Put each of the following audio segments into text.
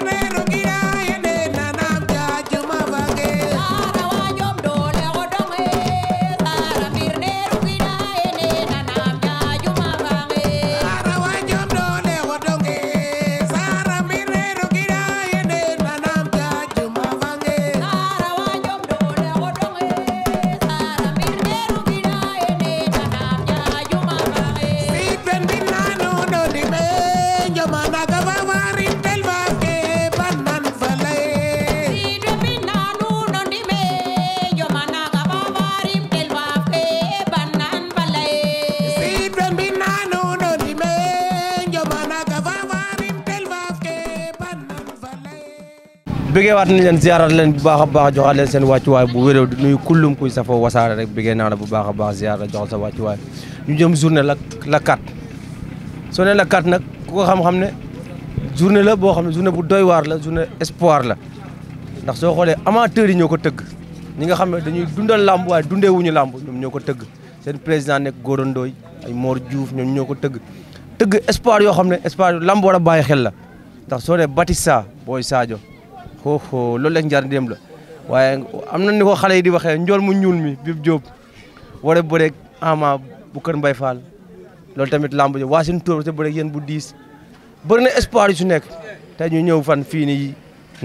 Pero bëggee waat ni leen ziarat leen bu baax a baax joxaat leen seen wàccuwaay bu wéréw di nuyu kullum kuy safoo wasaare rek bëggee naa la bu baax a baax ziarat joxal sa wàccuwaay ñu jëm journée la la kat soo ne la kat nag ku ko xam-xam ne journée la boo xam ne journée bu doy waar la journée espoir la ndax soo xoolee amateurs yi ñoo ko tëgg ñi nga xam ne dañuy dundal làmb waaye dundee wuñu làmb ñoom ñoo ko tëgg seen président nekk Gora Ndoye ay Mor Diouf ñoom ñoo ko tëgg tëgg espoir yoo xam ne espoir làmb a bàyyi xel la ndax soo ne Batista booy Sadio xooxoo loolu lañ jaar dem la waaye am na ni ko xale yi di waxe njool mu ñuul mi Bib Diop war a bëreeg Ama bu Kër Mbaye Fall loolu tamit lamb ji waa seen tóor te bëreeg bu diis bëri na espoir yi su nekk te ñu ñëw fan fii nii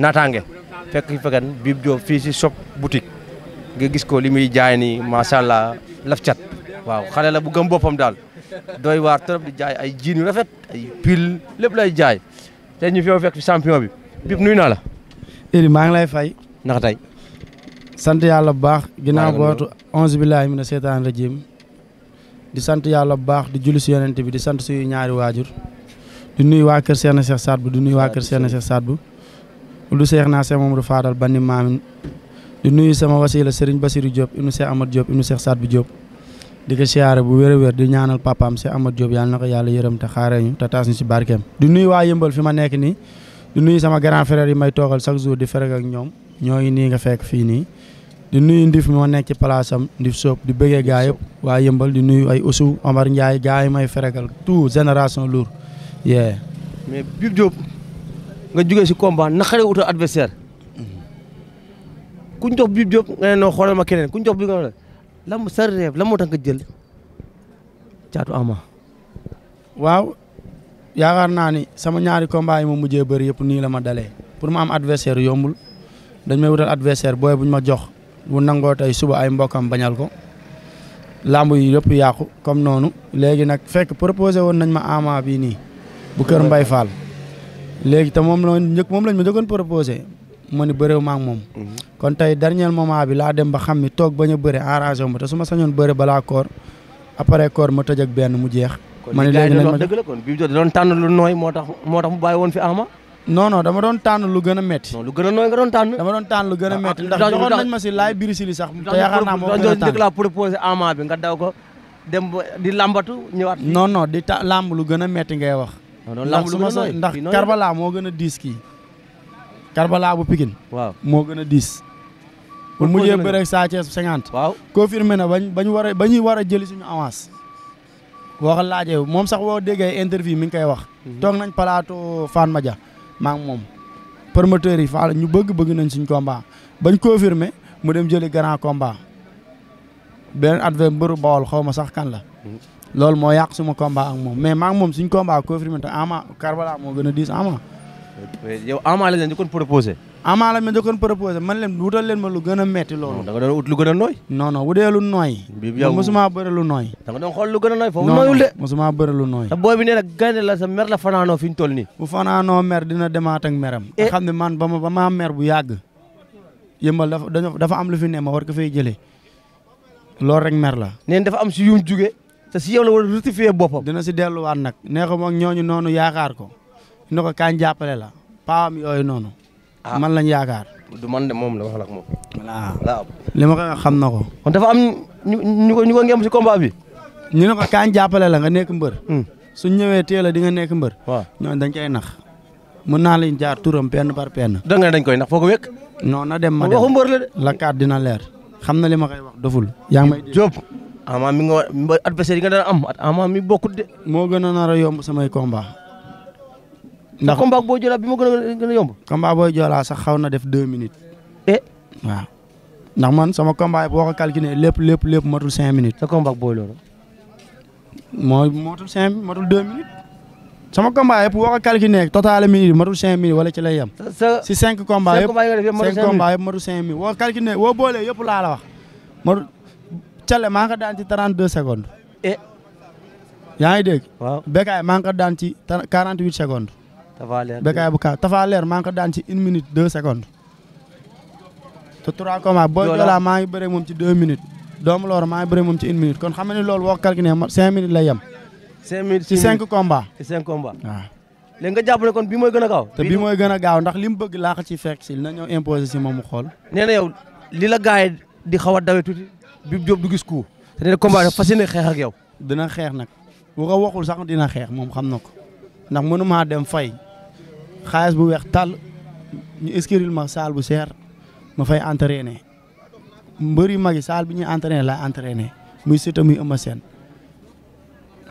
naataange fekk fekkan Bib Diop fii si shop boutique nga gis ko li muy jaay nii macha allah laf cat waaw xale la bu gëm boppam daal doy waar trop di jaay ay jiin yu rafet ay pile lépp lay jaay te ñu fi fekk champion bi Bib nuyu naa la. Idy maa ngi lay fay. sant yàlla bu baax. ginnaaw bootu onze billahi mina seetaan rajim di sant yàlla bu baax di julli si yonent bi di sant suñu ñaari waajur. di nuyu waa kër Seexna Seex Saad bu di nuyu waa kër Seexna Seex Saad bu. lu seex naa Seex Mamadu Faadal banni maamin di nuyu sama wasila Serigne Bassirou Diop ibnu Seex Amad Diop ibnu Seex Saad bu Diop. di ka siyaare bu wér a di ñaanal papaam Seex Amad Diop yàlla na ko yàlla yërëm te xaaree ñu te ñu si barkeem. di nuyu waa yëmbal fi ma nekk nii. di nuyu sama grand frère yi may toogal chaque jour di fereg ak ñoom ñooñu nii nga fekk fii nii di nuyu ndif moo nekk ci place am ndif soob di bëggee gaay yëpp waa yëmbal di nuyu ay Oussou Omar Ndiaye gaa yi may feregal tout génération lour yee mais Bib Diop nga jógee si combat naqare wutal adversaire ku ñu jox Bib Diop nga ne noo xoolal ma keneen ku ñu jox bi nga lam sa rêve la moo tax nga jël caatu ama waaw yaakaar naa ni sama ñaari combat yi ma mujjee bëri yëpp nii la ma dalee pour ma am adversaire yombul dañ may wutal adversaire booy bu ñu ma jox bu nangoo tey suba ay mbokkam bañal ko lamb yi yëpp yàqu comme noonu léegi nag fekk proposé woon nañ ma ama bii nii bu kër Mbay Fall léegi te moom la njëkk moom lañ ma njëkkoon proposé ma ni bëréew ma ak moom mhm. kon tey dernier moment bi laa dem ba xam ni toog bañ a bëre arrangé ma te su ma sañoon bëre balaa koor après koor ma tëj ak benn mu jeex ma ne léegi nañ ma dëgg la kon bi da doon tànn lu nooy moo tax moo tax mu bàyyi woon fi Ama non non dama doon tànn lu gën a metti non lu a nooy nga doon tànn dama doon tànn lu gën a ah, metti ah, ndax joxoon nañ ma si laay biri si li te yaakaar moo dëgg a a a diis kii Karbala bu Pikine moo gën a diis pour mujjee bëre ak Sa Thiès 50 waaw na bañ bañ war a a jëli suñu avance boo ko laajee moom sax woo déggee interview mi ngi koy wax. Mhm. toog nañ plateau Fan ma maa ngi moom. promoteurs yi Fan ñu bëgg bëgg nañ suñ combat bañ confirmer mu dem jëli grand combat benn adversaire mbëru Bawol xaw ma sax kan la. Mhm. loolu moo yàq suma kombaa ak moom mais maa ngi moom suñ combat confirmer te ama Karbala moo gën a diis ama mais yow Ama la leen njëkkoon proposé. Ama la ma njëkkoon proposé man leen wutal leen ma lu gën a metti loolu. da lu gën a nooy. non non wutee lu nooy. bi yow mosuma bëri lu nooy. da nga doon xool a nooy foofu nooyul de. mosuma bëri lu nooy. te booy bi nee la sa mer la fanaanoo fi ñu toll nii. bu fanaanoo mer dina demaat ak meram. Eh. nga xam ne man ba ma ba maa mer bu yàgg. yëmbal dafa dafa am lu fi ne ma war ko fay jëlee rek mer la. neen dafa am si yu mu jugee te si yow la war a rectifier dina si delluwaat nag neexam ak ñooñu noonu yaakaar ko ñu ko kañ jàppale la paam yooyu noonu. Ah. man lañ yaakaar. du man moom la wax la ak moom. li ma koy xam na ko. kon dafa am ñu ñu ko ñu si combat bi. ñu ne ko kañ jàppale la nga nekk mbër. Hmm. su ñëwee teel a di nga nekk mbër. waaw dañ cay nax. mën naa lañ jaar turam penn par penn. da nga dañ koy nax foo ko wékk. non na dem ma dem waxu de. la kaat dina leer. xam na li ma koy wax doful. yaa ngi may Diop. ama mi nga adversaire yi nga daan am at ama mi bokkut de. moo gën a nar yomb samay kombaa ndax combat boo Joola bi ma gën a gën a yomb. combat booy Joola sax xaw na def deux minutes. eh waaw. ndax man sama combat boo ko calculé lépp lépp lépp matul cinq minutes. sa combat booy loolu. moo matul cinq matul deux minutes. sama combat yëpp boo ko calculé total minute matul cinq minutes wala ci lay yem. sa si cinq combat yëpp cinq combat yëpp matul cinq minutes. woo calculé woo boole yëpp laa la wax matul Thiel maa nga daan ci trente deux secondes. eh. yaa ngi dégg. waaw Bécaye maa nga daan ci quarante huit secondes. Tafaleer Bécaye bu Kaw Tafaleer maa ngi daan ci une minute deux secondes. te trois combats booy Joola maa ngi bëree moom ci deux minutes. doomu loor maa ngi bëree moom ci une minute kon xam nga ni loolu boo calculé cinq minutes lay yem. cinq minutes ci cinq combats. ci cinq combats waaw. léegi nga jàpp ne kon bii mooy gën a gaaw. te bii mooy gën gaaw ndax li mu bëgg laa ci fekk si na ñëw imposé si moom mu xool. nee na yow li la gars yi di xaw a dawe tuuti bi Diop du gis ko. te nee na combat dafa fas yéene xeex ak yow. dina xeex nag bu ko waxul sax dina xeex moom xam na ko ndax mënuma dem fay xaalis bu weex tàll ñu inscrire ma saal bu seer ma fay entraîner mbër yu mag yi saal bi ñuy entraîner laay entraîner muy Siteu muy Eumeu Sène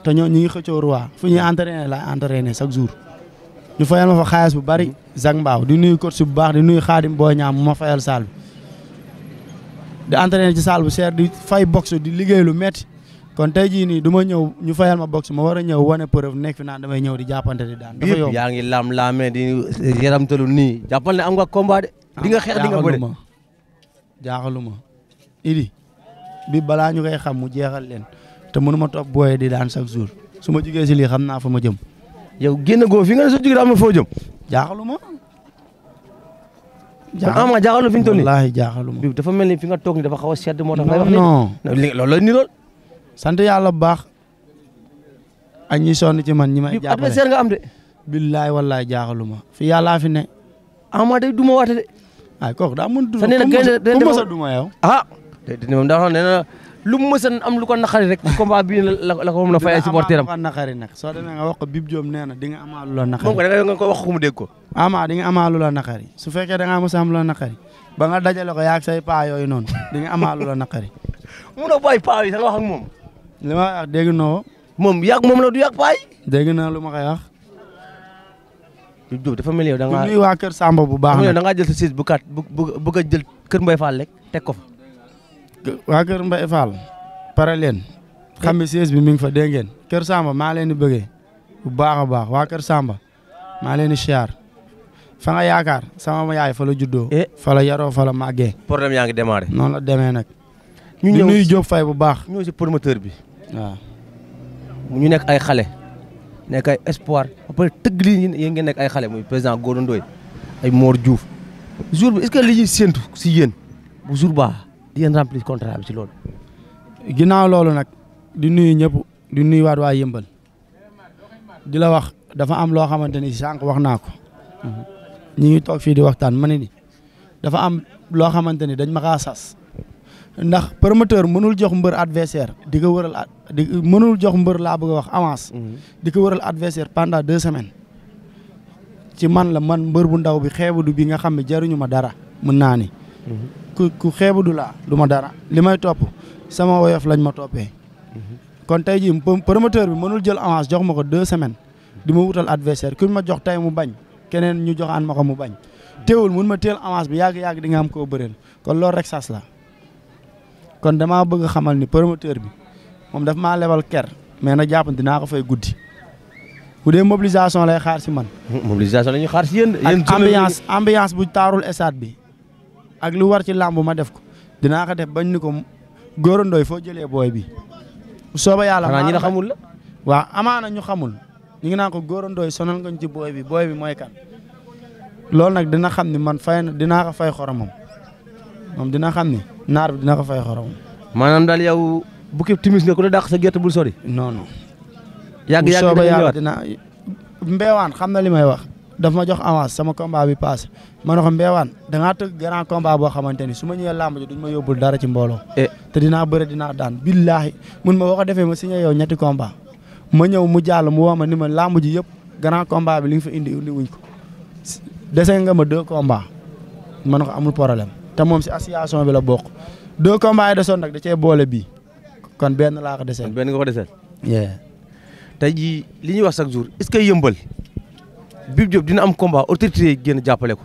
te ñoo ñu ngi xëccoo roi fu ñuy entraîner laay entraîner chaque jour. ñu fayal ma fa xaalis bu bari Zak Mbaaw di nuyu coach bu baax di nuy Xaadim Boy Niang ma fayal saal bi di entraîner ci saal bu seer di fay boxe di liggéey lu metti kon tey jii nii du ñëw ñu fayal ma box ma war a ñëw wane preuve nekk fi naan damay ñëw di jàppante di daan. dafa yomb yaa ngi lam laamee di yaramtalu nii. jàppal ne am nga combat de. Ah, di nga xeex di nga bëre jaaxaluma idi bi balaa ñu koy xam mu jeexal leen te mënu ma topp booyee di daan chaque jour su ma jigee si lii xam naa fa ma jëm. yow génn goo fi nga ne soo jugee am na foo jëm. jaaxaluma. jaaxal fi ñu toll nii wallaahi jaaxaluma. dafa mel ni fi nga toog nii dafa xaw a sedd moo ta non non loolu la ñu sant yàlla bu baax a ñi sonn ci man ñi may jàppale adversaire nga am de. billaay wallaay jaaxaluma fi yàllaa fi ne. ama day duma waate de. ay kooku daa mën duma ku mës a duma yow. ah déedéet moom daa ne na lu mu mës a am lu ko naqari rek. combat bii la la ko mën a fay ay supporter am dina amaat lu soo demee nga wax ko Bib Diop nee dinga di nga amaat lu la ko wax ko mu ama di nga amaat lu la su fekkee da ngaa a am lu la naqari ba nga dajale ko yaag say paa yooyu noonu di nga amaat lu la naqari. munoo bàyyi paa li ma wax dégg naa moom yàgg moom la du yàgg paay. dégg naa lu ma koy wax. dafa mel yow da waa kër Samba bu baax nag da ngaa jël sa siis bu kat bu bu ko jël kër Mbaye Fall rek teg ko fa. waa kër Mbaye Fall. pare leen. xam bi mi ngi fa dégg kër Samba maa leen di bëggee. bu baax a baax waa kër Samba. maa leen di siyaar. fa yakaar yaakaar sama yaay fa la juddoo. Eh? fa la yaroo fa la màggee. problème yaa ngi démarré. noonu la demee nag. ñu ñëw di nuyu Diop Faye bu baax. ñëw si promoteur bi. waaw ñu nekk ay xale nekk ay espoir après tëgg lii yéen ngeen nekk ay xale muy président Gora Ndoye ay Mor Diouf jour bi est-ce que si yéen bu jour ba di ngeen remplir contrat bi si loolu. ginnaaw loolu nag di nuyu ñëpp di nuyu waat waa yëmbal di la wax dafa am loo xamante ni sànq wax naa ko mhm. ñi ngi toog fii di waxtaan ma ne ni dafa am loo xamante dañ ma sas ndax promoteur mënul jox mbër adversaire di ko wëral di mënul jox mbër laa bëgg a wax avance. Mhm. di ko wëral adversaire pendant deux semaines. ci man la man mbër bu ndaw bi xeebadu bi nga xam ne jaruñu ma dara mën naa ni. Mhm. ku ku xeebadu laa du ma dara li may topp sama woyof lañ ma toppee. Mhm. kon tey jii promoteur bi mënul jël avance jox ma ko deux semaines di ma wutal adversaire kuñ ma jox tey mu bañ keneen ñu joxaan ma ko mu bañ. teewul mun ma teel avance bi yàgg yàgg di nga am koo bëreel kon loolu rek sas la. kon damaa bëgg xamal ni promoteur bi moom daf maa lebal ker mais na jàpp dinaa ko fay guddi bu dee mobilisation lay xaar si man. mobilisation la ñuy xaar si yéen. yéen ak ambiance bu taarul stade bi ak lu war ci bu ma def ko dinaa ko def bañ ni ko góor ndooy foo jëlee booy bi. sooba yàlla xanaa ñi la xamul la. waaw amaana ñu xamul ñu ngi naan ko góor ndooy sonal nga ci booy bi booy bi mooy kan. loolu nag dina xam ni man fay na dinaa fay xoromam moom dina xam ne. naar bi dina ko fay xorom. maanaam daal yow bu képp timis nga ku la sa gerte bul sori. non non. yàgg yàgg dina ñëwaat dina mbeewaan xam na li may wax. dafa ma jox avance sama combat bi passé ma ne ko mbeewaan da ngaa tëgg grand combat boo xamante ni su ma ñëwee làmb du duñ ma yóbbul dara ci mbooloo. Eh. te dinaa bëre dinaa daan billaahi mun ma boo ko defee ma siña yow ñetti combat ma ñëw mu jaalo mu woo ma ni ma làmb ji yëpp grand combat bi li nga fa indi indi ko des nga ma deux combat ma ne ko amul problème. te moom si association bi la bokk deux combats yi nag da cee boole bi kon benn laa ko desee. benn nga ko desee. tey jii li ñuy wax chaque jour est-ce que yëmbal Bib Diop dina am combat autorité yi génn jàppale ko.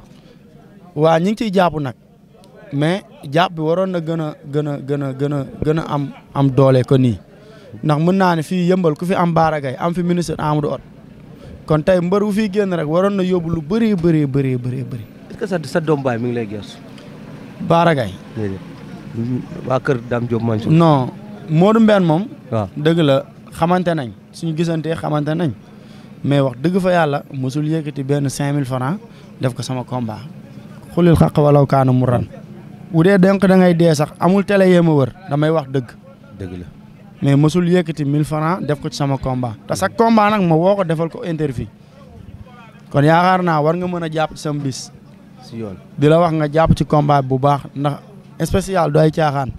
waa ñu ngi ciy jàpp nag mais jàpp bi waroon na gën a gën a gën a gën a gën a am am doole ko nii ndax mën naa ne fii yëmbal ku fi am baaragay am fi ministre Amadou Hott kon tey mbër bu fiy génn rek waroon na yóbbu lu bëree bëree bëree bëri. est-ce que sa sa doom baay mi ngi lay gëstu. Baara Gaye waa kër Dame Diop Mansour moom waaw dëgg la xamante nañ suñu gisantee xamante nañ mais wax dëgg fa yàlla mosul yëkkati benn cinq mille francs def ko sama combat xulil xaq walaw kaana mu ran bu dee donc da ngay dee sax amul télé yéem a wër damay wax dëgg dëgg la mais mosul yëkkati mille francs def ko ci sama combat te sa combat nag ma woo ko defal ko interview kon yaakaar naa war nga mën a jàpp ci sama si yoon di la wax nga jàpp ci combat bu baax na spécial du ay caaxaan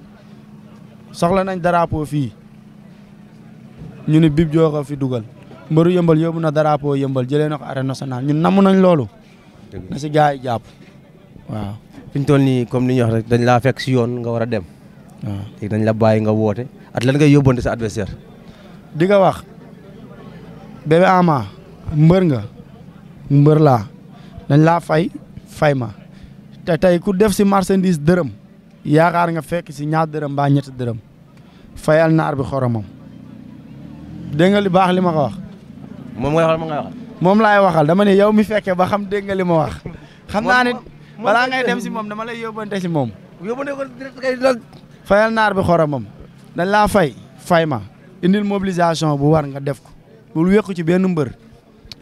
soxla nañ drapeau fii ñu ne bib joo fi dugal mbëru yëmbal yóbbu na drapeau yëmbal jëlee na ko arène ñun namm nañ loolu. na si gars yi jàpp waaw. fi ñu toll nii comme ni ñu wax rek dañ laa fekk si yoon nga war dem. waaw dañ la bàyyi nga woote at lan ngay yóbbante sa adversaire. di nga wax bébé Ama mbër nga mbër laa dañ laa fay. fay ma te tey ku def si marchandise dërëm yaakaar nga fekk si ñaar dërëm mbaa ñetti dërëm fayal naar bi xoromam dégg nga li baax li ma ko wax. moom nga wax ma moom laay waxal dama ne yow mi fekkee ba xam dégg nga li ma wax. xam naa ne balaa ngay dem si moom dama lay yóbbante si moom. yóbbante ko direct kay fayal naar bi xoromam dañ laa fay fay ma indil mobilisation bu war nga def ko bul wékku ci benn mbër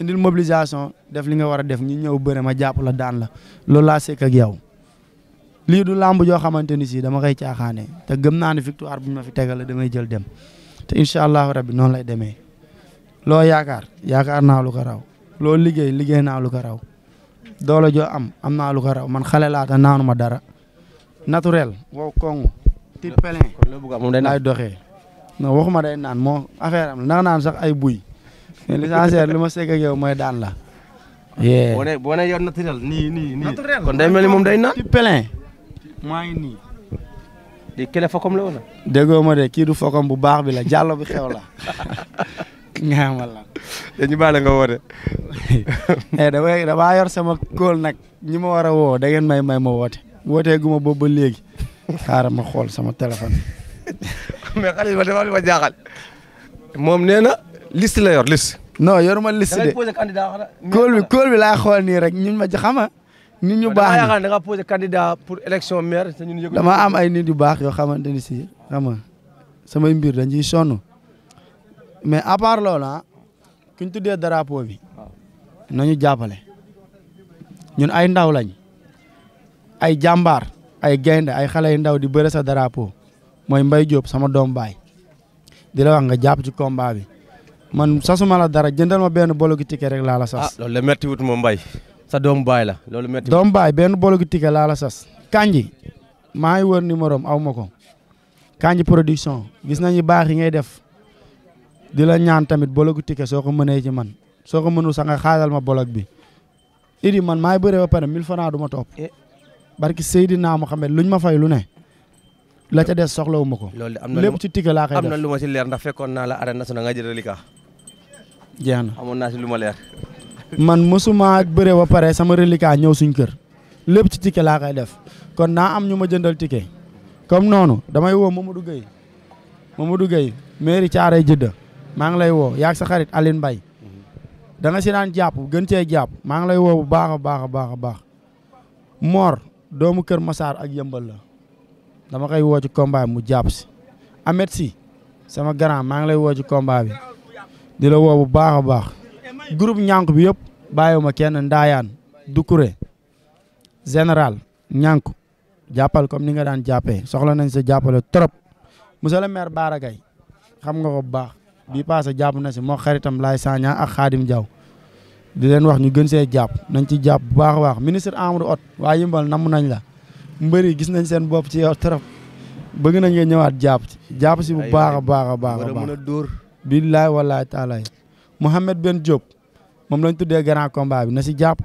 indil mobilisation def li nga war a def ñu ñëw bëre ma jàpp la daan la loolu laa sekk ak yow. lii du làmb joo xamante ni sii dama koy caaxaane te gëm naa ne victoire bu ma fi tegal la damay jël dem te incha allahu rabbi noonu lay demee loo yaakaar yaakaar naa lu ko raw loo liggéey liggéey naa lu ko raw doole joo am am naa lu ko raw man xale laata naanu ma dara naturel wow koŋŋ tit pelin laay doxee non waxuma day naan moo affaire am la naan sax ay buy l'essentiel li ma segg yow mooy daan la boo nee boo nee yow nii nii nii. kon day mel ni moom day naan. ci maa ngi nii. di kële fokom la wala. déggoo ma de kii fokom bu baax bi la jàllo bi xew la. nga xamal la. dañu baale nga woote. Eh, damay damaa sama kóol nag ñi ma war a woo da ngeen may may ma woote. wootee gu ma boobu ba léegi. xaaral ma xool sama téléphone. mais xale ma dafa ma jaaxal. moom nee na liste la yor liste. non yoruma liste de kool bi kool bi laa xool nii rek ñun ma xama nit ñu baax da nga pour élection maire te ñun dama am ay nit yu baax yoo xamante ni si xam samay mbir dañ ciy sonn mais à part loolu ah, ku ñu tuddee drapeau bi nañu jàppale ñun ay ndaw lañ ay jàmbaar ay gaynde ay xale yu ndaw di bëre sa drapeau mooy Mbaye Diop sama doom baay di la nga jàpp ci combat bi. man sasuma la dara jëndal ma benn bolo gi tike rek laa la sas. ah loolu la métti wut moom baay la loolu métti. doomu baay benn bolo gi ticket laa sas. Kanji maa ngi wër numéro am aw ma ko Kanji production gis nañu baax yi ngay def di la ñaan tamit bolo gi ticket soo ko mënee ci man soo ko mënul sax nga xaaral ma bolog bi. Idi man maay bëree ba pare 1000 francs du ma topp. Eh. barki Seydina Mohamed luñ ma fay lu ne. la ca des soxlawu ma ko. loolu am na lépp laa koy def am na lu ma ci leer ndax fekkoon naa la arène nationale nga jël reliquat jeex na amoon naa si lu ma leer. man mosuma bëre ba pare sama reliquat ñëw suñ kër lépp ci ticket laa koy def kon naa am ñu ma jëndal ticket comme noonu damay woo ma Mamadou Gueye Mamadou Gueye mairie Thiaroye Jidda maa ngi lay woo yaa sa xarit Aline Mbaye da si daan jàpp gën cee jàpp maa ngi lay woo bu baax a baax a baax a baax Mor doomu Kër Massar ak yëmbal la dama koy woo ci combat mu jàpp si Amet si sama grand maa ngi lay woo ci combat bi di la woo bu baax a baax groupe ñànk bi yëpp bàyyiwuma kenn ndaayaan Doucouré général ñànk jàppal comme ni nga daan jàppee soxla nañ sa jàppale trop monsieur le maire Bara xam nga ko bu baax bii paase jàpp na si moo xaritam Laay Sagna ak Xaadim Diaw di leen wax ñu gën see jàpp nañ ci jàpp bu baax baax ministre Amadou Hott waa Yëmbal namm nañ la mbër yi gis nañ seen bopp ci yow trop bëgg nañ nga ñëwaat jàpp ci jàpp si bu baax a baax a baax a baax billaay wallaay taalaay Mouhamed benn Diop moom lañ tuddee grand combat bi na si jàpp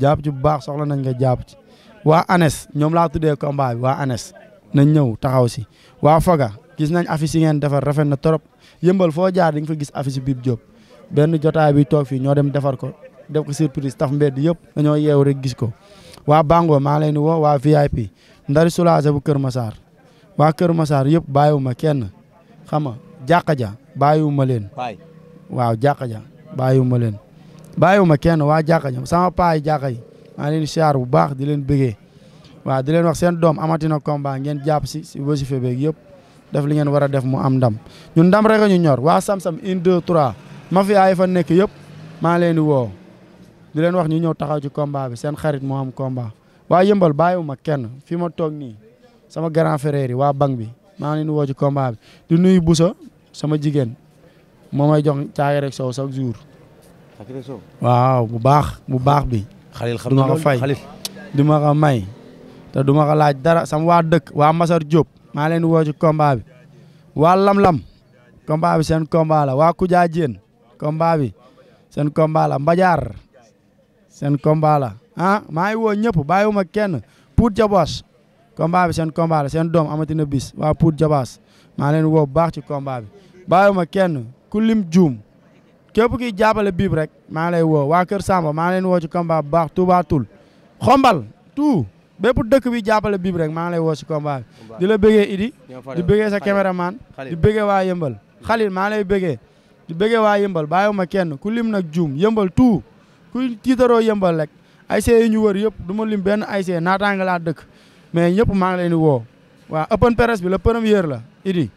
jàpp ci bu baax soxla nañ nga jàpp ci waa ANES ñoom laa tuddee combat waa ANES nañ ñëw taxaw si waa Faga gis nañ affiche yi ngeen defar rafet na trop yëmbal foo jaar di nga fa gis affiche Bib Diop benn jotaay bi toog fii ñoo dem defar ko def ko surprise taf mbedd yëpp dañoo yeew rek gis ko waa Bango maa leen di woo waa VIP ndari soulagé bu Kër masaar waa Kër masaar yëpp bàyyiwuma kenn xam nga jàkka ja bàyyiwuma leen. waaw jàkka ja bàyyiwuma leen. bàyyiwuma kenn waa jàkka sama paa yi jàkka yi maa leen siyaar bu baax di leen bëggee waa di leen wax seen doom amatina combat ngeen jàpp si si wasifa beeg yëpp def li ngeen war a def mu am ndam ñun ndam rek ñu ñor waa sam-sam une deux trois mafia yi fa nekk yëpp maa leen di woo di leen wax ñu ñëw taxaw ci combat bi seen xarit moo am combat waa yëmbal ma kenn fi ma toog nii sama grand frère yi waa banque bi maa leen woo ci combat bi sama jigéen moo may jox caagi rek sow chaque waaw bu baax bu baax bi. xalil xam nga fay du ma may. te duma ma laaj dara sama waa dëkk waa Masar Diop maa leen woo ci bi waa Lam-Lam combat bi seen combat la waa Koudia Diène combat bi seen combat la Mbajaar seen combat la ah maa ngi woo ñëpp ma kenn Pout Jabaas combat bi seen combat la seen doom amatina bis waa Pout Jabaas maa leen woo baax ci combat baa bàyyiwuma kenn ku lim juum képp kiy jàppale biib rek maa lay woo waa Kër Samba maa leen woo ci combat bu baax Touba Toul xombal tout bépp dëkk bi jàppale biib rek maa lay woo ci combat bi di la bëggee Idi di bëggee sa caméraman di bëggee waa yëmbal xalil maa lay bëggee di bëggee waa yëmbal bàyyiwuma kenn ku lim nag juum yëmbal tout ku tiitaroo yëmbal rek ay see ñu wër yëpp du ma lim benn ay see naataanga laa dëkk mais ñëpp maa leen di woo waa open bi la première la idi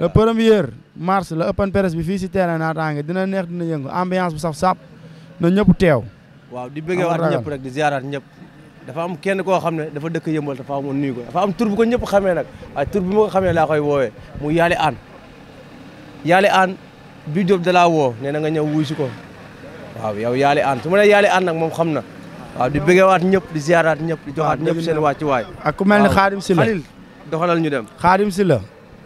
le premier mars la open press bi fii si terrain naataange dina neex dina yëngu ambiance bu saf sap na ñëpp teew waaw di bëggee waat ñëpp rek di ziaraat ñëpp dafa am kenn koo xam ne dafa dëkk yëmbal dafa amoon nuyu ko dafa am tur bu ko ñëpp xamee nag waaye tur bi ma ko xamee laa koy woowee mu yaali aan yaali aan bi Diop dalaa woo nee na nga ñëw wuy si ko waaw yow yaali aan su ma nee yaali aan nag moom xam na waaw di bëggee waat ñëpp di ziaraat ñëpp joxaat ñëpp seen wàccuwaay ak ku mel ni xaadim si la ñu dem xaadim si la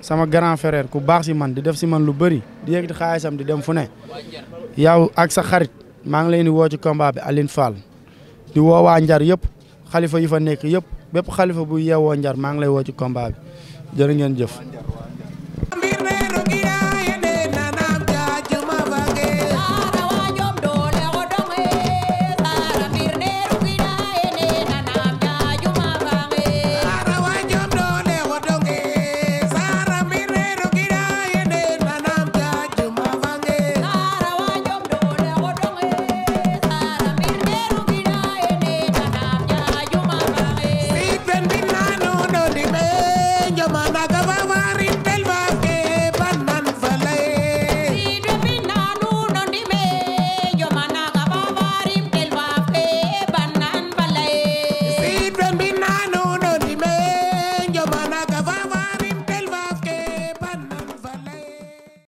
sama grand frère ku baax si man di def si man lu bëri di yëkkati xaalisam di dem fu ne yow ak sa xarit maa ngi leen di woo ci combat bi Aline Fall di woo waa Njar yëpp xalifa yi fa nekk yëpp bépp xalifa bu yeewoo Njar maa ngi lay woo ci combat bi jërë jëf.